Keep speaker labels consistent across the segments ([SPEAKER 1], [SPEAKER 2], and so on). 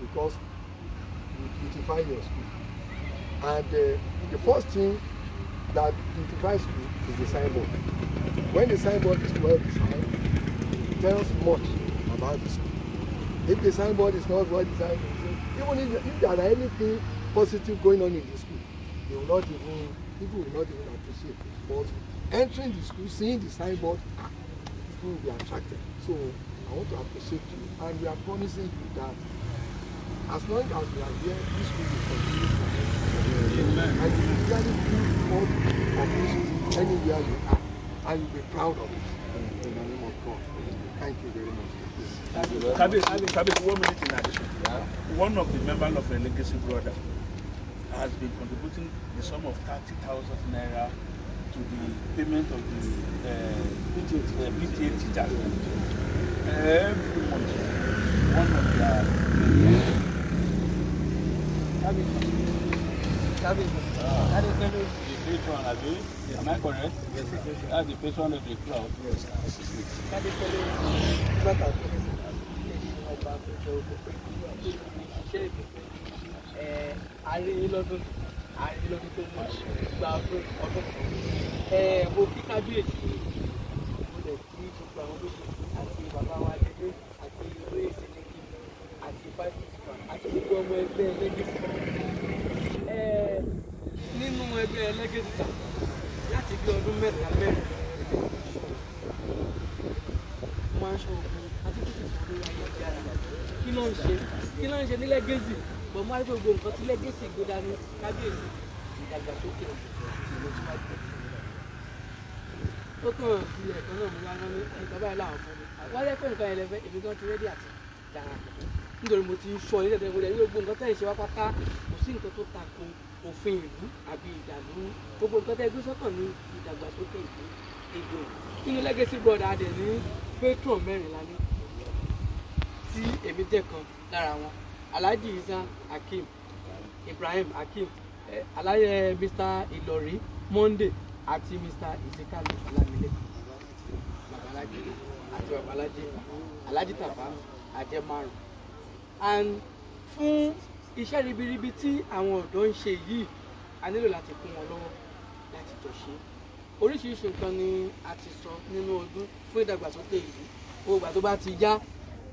[SPEAKER 1] because you beautify your school and uh, the first thing that beautifies school is the signboard when the signboard is well designed it tells much about the school if the signboard is not well designed even if, if there are anything positive going on in the school they will not even people will not even appreciate it but entering the school seeing the signboard ah, people will be attracted so i want to appreciate you and we are promising you that As long as we are here, this will be continued. And you will really do more of this anywhere you are, and you'll be proud of it. In the name of God. Thank you very much. Kabir, Kabir, one minute in addition. Yeah.
[SPEAKER 2] One of the members of a Legacy Brother has been contributing the sum of 30,000 naira to the payment of the uh, PTA, uh, PTA teachers. Every month, one of
[SPEAKER 1] their That is the
[SPEAKER 2] patron, Abi. Am I correct? Yes, sir. That's the patron of the cloud. Yes, sir.
[SPEAKER 1] That is the Arínlọ́dún Arínlọ́dún tó mọ̀ gba ọdún ọdún kan. Mo kí kábíyèsí mo lè kí gbogbo àwọn olóṣèlú àti bàbá wa lélẹ́ àti olóyè Sẹ́nẹ́kì àti Fáìlì àti gbogbo ọmọ ẹgbẹ́ ẹlẹ́gẹ̀ẹ́sì nínú ẹgbẹ́ ẹlẹ́gẹ̀ẹ́sì láti bí ọdún mẹ́ta mẹ́rin máa ń ṣọ̀gbọ́n àti kí kìí sọ̀rọ̀ ayélujára kí ló ń ṣe kí ló ń ṣe nílẹ̀ gẹ̀ẹ́sì bọ̀ mọ́ àti gbogbo nǹkan tí lẹ́gẹ̀ẹ́sì gbódà ní kábíyèsí ìdàgbàsókè àti ìlọsíwájú ó kàn ilẹ̀ kan náà mú wa rán ní bàbá ẹ̀ láwọn fún mi àwọn ẹlẹ́pẹ̀ nǹkan ẹlẹ́fẹ́ èmi gan ti rẹ́dí àti dáadáa nítorí mo ti ń sọ yín dẹ́dẹ́ wọlé gbogbo nǹkan tẹ́ ẹ̀ ṣe wá pátá kò sí nǹkan tó tako òfin ìlú àbí ìdàlú gbogbo nǹkan tẹ́ ẹ gbé sọ́kàn ní ìdàgbàsókè ìlú èdè inú legacy brother adẹ̀ ní patron mẹ́rin lálẹ́ tí èmi jẹ́ lára wọn alhaji isa akeem ibrahim akeem aláyẹ mr ìlọrí monday àti mr ìsíkàlù ọlámilẹ babalájí àti babalájí alájí tàbá àjẹ márùn and fún iṣẹ́ ribiribi tí àwọn ọ̀dọ́ ń ṣe yìí a nílò láti kún wọn lọ́wọ́ láti jọ ṣe oríṣiríṣi nǹkan ni a ti sọ nínú ọdún fún ìdàgbàsókè yìí owó ìgbà tó bá ti yá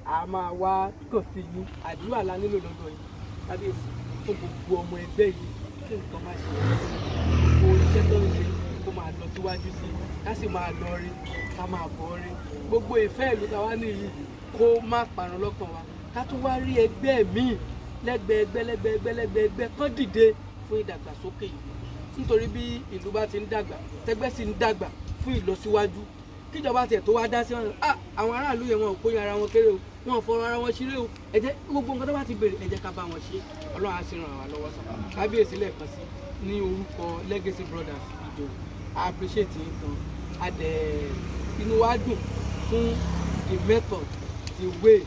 [SPEAKER 1] a máa wá kàn sí yín àdúrà la nílò lọ́dọ̀ yìí kábíyèsí fún gbogbo ọmọ ẹgbẹ́ yìí kí nǹkan má ṣe kó iṣẹ́ tó ń ṣe kó máa lọ síwájú sí i ká sì máa lọ rí ká máa bọ̀ rí gbogbo ìfẹ́ ìlú táwa ní yìí kó má parun lọ́kàn wa ká tún wá rí ẹgbẹ́ míì lẹ́gbẹ̀ẹ́gbẹ́ lẹ́gbẹ̀ẹ́gbẹ́ lẹ́gbẹ̀ẹ́gbẹ́ kán dìde fún ìdàgbàsókè yìí nítorí bí ìlú bá ti ń dàgbà tẹgbẹ́ sì ń dàgbà fún ìlọsíwájú kíjọba tiẹ̀ tó wá dá sí ọ̀nà àwọn aráàlú yẹn wọn ò kóyan ara wọn kéré o wọn ò fọ̀rọ̀ ara wọn ṣeré o ẹ gbogbo nǹkan tó bá ti béèrè ẹ ká bá wọn ṣe ọlọ́run á sì ràn wá lọ́wọ́ sọ kábíyèsí lẹ́ẹ̀kan sí ní orúkọ legacy brothers ìjọ i appreciate yín gan adẹ inú wa dùn fún the method the way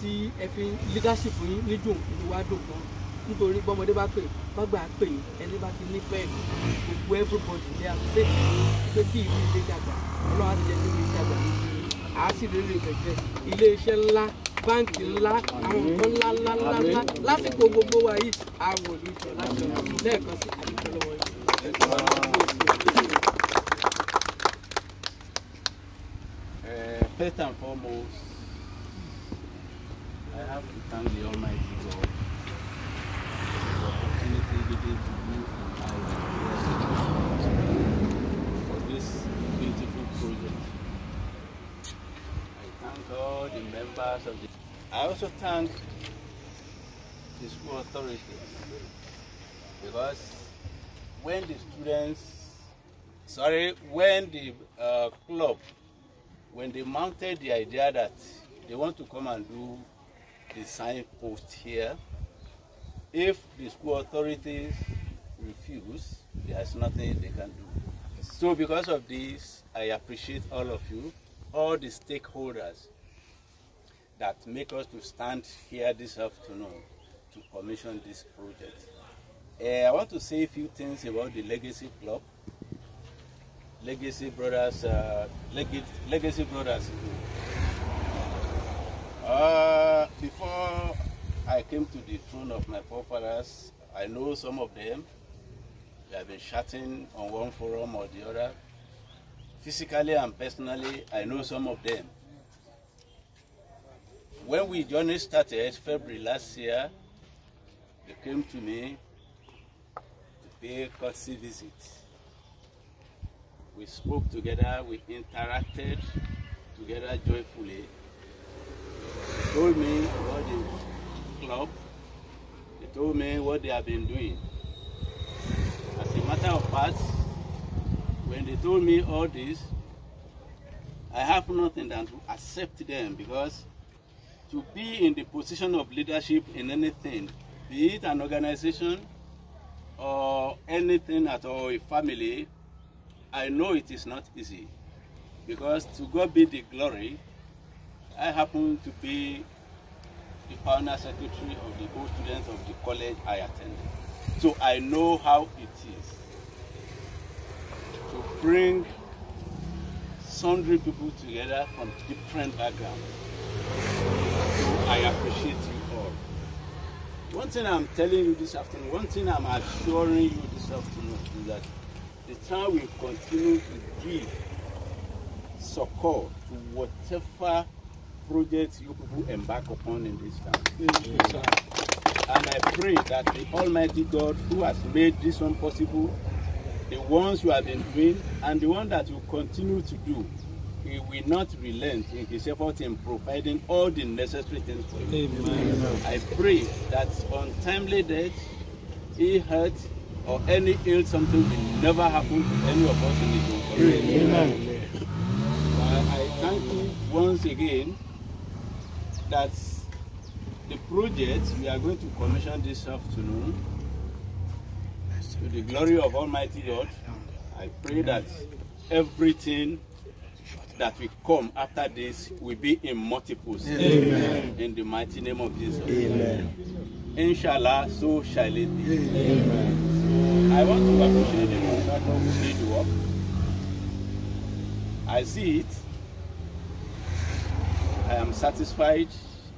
[SPEAKER 1] tí ẹ fi leadership yín níjò ìlú gan nítorí gbọ́mọdé bá pè gbàgbà pè ẹni bá ti nífẹ̀ẹ́ gbogbo everybody ní àtúnṣe pé kí ìlú ilé dàgbà ọlọ́run ti jẹ́ kí ìlú dàgbà á sì rí rí ìbẹ̀jẹ́ ilé ńlá báńkì ńlá àwọn nǹkan ńlá ńlá ńlá ńlá lásìkò gbogbo wa yìí àwọn olùjọ láṣọ lẹ́ẹ̀kan sí àdúgbò lọ́wọ́ yìí.
[SPEAKER 2] First and foremost, have to thank the Almighty God for opportunity given to me and I for this beautiful project. I thank all the members of the... I also thank the school authorities because when the students, sorry, when the uh, club, when they mounted the idea that they want to come and do the signpost here. If the school authorities refuse, there's nothing they can do. So because of this, I appreciate all of you, all the stakeholders that make us to stand here this afternoon to commission this project. Uh, I want to say a few things about the Legacy Club. Legacy Brothers, uh, Legacy Brothers uh, before I came to the throne of my forefathers, I know some of them. They have been shouting on one forum or the other. Physically and personally, I know some of them. When we journey started February last year, they came to me to pay courtesy visit. We spoke together, we interacted together joyfully told me about the club. They told me what they have been doing. As a matter of fact, when they told me all this, I have nothing than to accept them because to be in the position of leadership in anything, be it an organization or anything at all, a family, I know it is not easy. Because to God be the glory, I happen to be the founder secretary of the old students of the college I attended. So I know how it is to bring sundry people together from different backgrounds. So I appreciate you all. One thing I'm telling you this afternoon, one thing I'm assuring you this afternoon is that the town will continue to give support to whatever projects you people embark upon in this town. and I pray that the Almighty God who has made this one possible, the ones you have been doing, and the one that you continue to do, He will not relent in His effort in providing all the necessary things for you. Amen. I pray that untimely death, ill health, or any ill something will never happen to any of us in the Amen. Amen. I thank you once again that the project we are going to commission this afternoon to the glory of Almighty God. I pray that everything that will come after this will be in multiples. Amen. In the mighty name of Jesus. Amen. Inshallah, so shall it be. Amen. So I want to appreciate the the work. I see it I am satisfied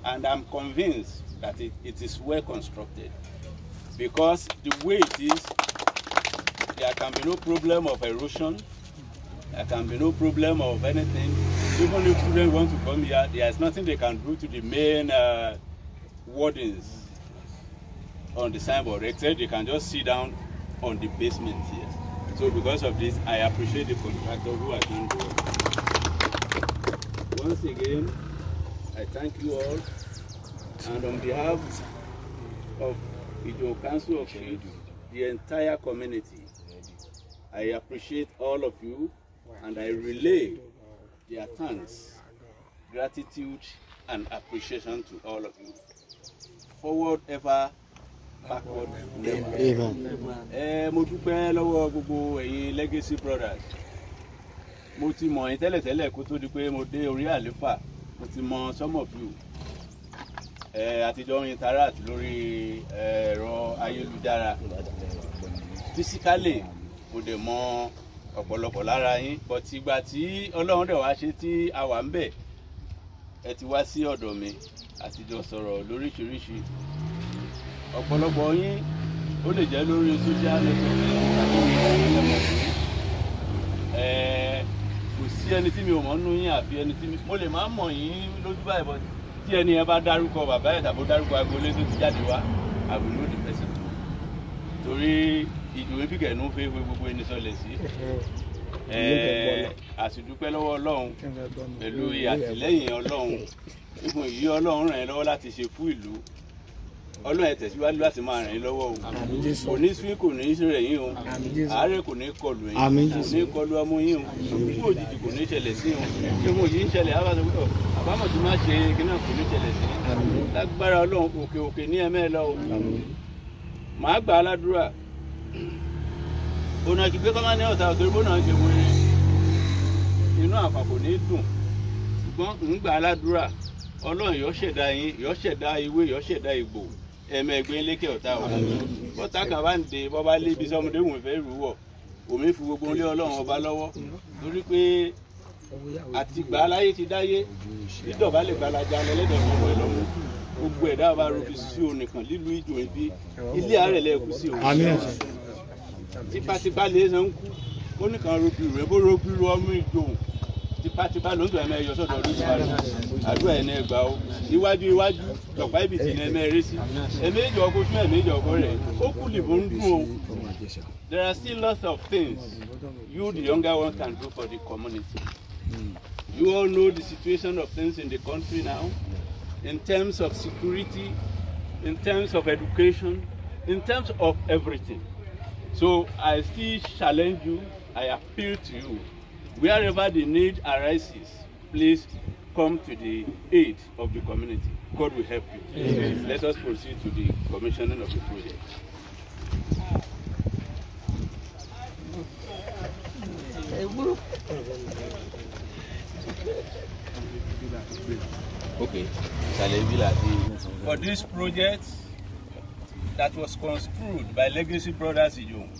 [SPEAKER 2] and I'm convinced that it, it is well constructed because the way it is, there can be no problem of erosion, there can be no problem of anything. Even if children want to come here, there is nothing they can do to the main uh, wardens on the signboard, except they can just sit down on the basement here. So because of this, I appreciate the contractor who has done the work. Once again, I thank you all. And on behalf of Ijo Council of Chiefs, the entire community, I appreciate all of you and I relay their thanks, gratitude, and appreciation to all of you. Forward ever, backward never. Amen. Mo dúpẹ́ lọ́wọ́ gbogbo ẹ̀yin Legacy Brothers. Mo ti mọ̀ yín tẹ́lẹ̀tẹ́lẹ̀ kó tó di pé mo dé orí àléfà mo ti mọ some of you àtijọ́ interact lórí ẹ̀rọ ayélujára physically mo dẹ̀ mọ ọ̀pọ̀lọpọ̀ lára yín but ìgbà tí ọlọ́run dẹ̀ wá ṣe tí a wà ń bẹ̀ ẹ ti wá sí ọ̀dọ̀ mi àtijọ́ sọ̀rọ̀ lóríṣiríṣi ọ̀pọ̀lọpọ̀ yín ó lè jẹ́ lórí social network tàbí ẹ̀ẹ́dẹ̀mọ̀ sí ẹni tí mi ò mọ̀ nínú yín àbí ẹni tí mi mo lè má mọ̀ yín lójú báyìí bọ́ tí ẹni yẹn bá dárúkọ bàbá ẹ̀ tàbí ó dárúkọ agboolé tó ti jáde wá àbúrò ní pẹ̀sẹ̀ torí ìdùnnú bìkẹ́ ló fẹ́ gbogbo ẹni sọlẹ̀ sí àsìdúpẹ́ lọ́wọ́ ọlọ́run pẹ̀lú àtìlẹ́yìn ọlọ́run ìgbìmọ̀ yìí ọlọ́run ràn ẹ́ lọ́wọ́ láti ṣe fún ìlú ọlọ́run ẹ̀ tẹ̀síwájú láti máa ràn lọ́wọ́ o kò ní sún kò ní yín o kò ní kọlù yín ọmọ yín o òjijì kò ní ṣẹlẹ̀ sí o ṣé mo yìí ń ṣẹlẹ̀ á bá àbámọ̀ tí máa ṣe kíná kò ní ṣẹlẹ̀ sí lágbára ọlọ́run òkè òkè ní ẹ̀mẹ́ lọ màá gbà á ládùúrà ònà ìgbé kọ́má ní ọ̀tá òtò ṣe inú ní ẹmẹ ẹgbẹ lékè ọ̀tá o bọta kan bá ń de bọba lébi sọmọdé òun fẹ́ rú wọ òmí fi gbogbo ilé Ọlọ́run ọba lọ́wọ́ torí pé àti gbà láyé ti dáyé dídọ̀bálẹ̀ gbalaja lẹ́lẹ́dẹ̀ fún ọmọ ìlọ́mú gbogbo ẹ̀dá ọba rò fi sí o nìkan lílu ìjò ìbí ilé ààrẹ lẹ́ẹ̀kú sí o tipátipá lè san kú ó nìkan ro bìrù ẹ bó ro bìrù ọmú ìjòhùn tipátipá ló ń tọ́ ẹ̀mẹ́ yọsọ́ dọ̀ọ́dún tó wà àdúrà ẹ̀ náà gbà ó iwájú lọ́pàá ibi tì ní ẹ̀mẹ́ eré sí ẹ̀mẹ́jọ ọkọ tún ẹ̀mẹ́jọ ọkọ rẹ̀ ó kú lìbò ń dùn o there are still lots of things you the younger one can do for the community you all know the situation of things in the country now in terms of security in terms of education in terms of everything so I still challenge you I appeal to you Wherever the need arises, please come to the aid of the community. God will help you. Amen. Let us proceed to the commissioning of the project. Okay. For this project that was construed by Legacy Brothers Ijong,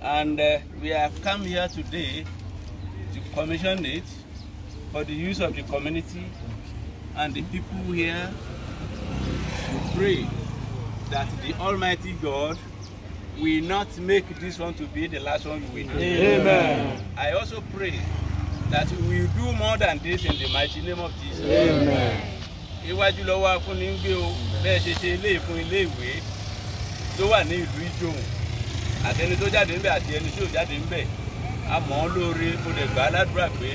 [SPEAKER 2] and uh, we have come here today commissioned it for the use of the community and the people here. We pray that the Almighty God will not make this one to be the last one we do. Amen. I also pray that we will do more than this in the mighty name of Jesus. Amen. Iwájú lọ́wọ́ afúnni ń gbé o bẹ́ẹ̀ ṣe ṣe ilé ìfún ilé ìwé tó wà ní ìlú Ìjòhùn àtẹni tó jáde ńbẹ̀ àti ẹni tí ò jáde ńbẹ̀ a mọ̀ ọ́n lóore mo lè gbà á ládùúrà pé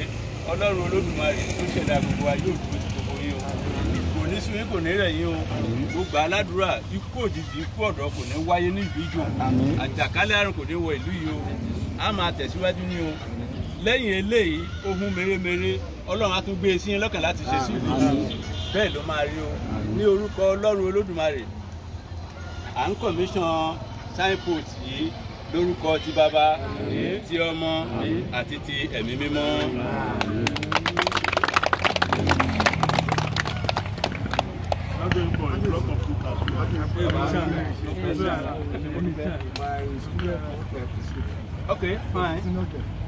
[SPEAKER 2] ọlọ́run olódùmarè tó ṣẹ̀dá gbogbo ayé òdúró ti gbogbo yín o kò ní sun yín kò ní rẹ̀ yín o mo gbà á ládùúrà ikú òjijì ikú ọ̀dọ́ kò ní wáyé ní ìlú ìjọ àjàkálẹ̀ àrùn kò ní wọ ìlú yìí o a máa tẹ̀síwájú ní o lẹ́yìn eléyìí ohun mèremère ọlọ́run á tún gbé e sí yín lọ́kàn láti ṣe sí ìlú bẹ́ẹ̀ ló máa rí o ní orúkọ ọlọ́run olódùmarè à ń kọ̀míṣàn signpost yìí lórúkọ ti bàbá ti ọmọ àti ti ẹ̀mí mímọ́. Okay, fine.